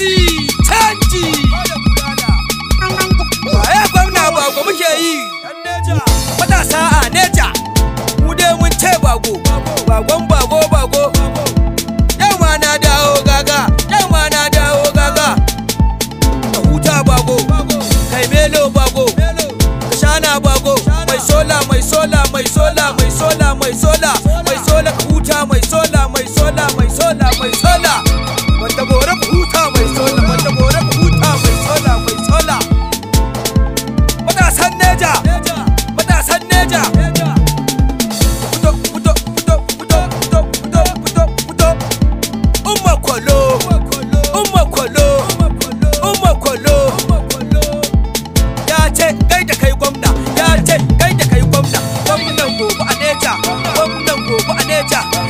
canji canji waye gwamna bago muke yi matasa a neja mu dai mun ce bago bagon bago bago yau ma na dawo gaga yau ma na dawo gaga mai sola mai sola mai sola mai sola mai sola neja matasan neja ya ce kai da kai gwamna gwamna a a